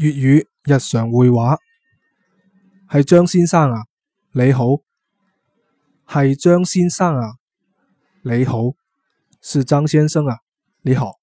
粵語日常會話。係張先生啊，你好。係張先生啊，你好。是張先生啊，你好。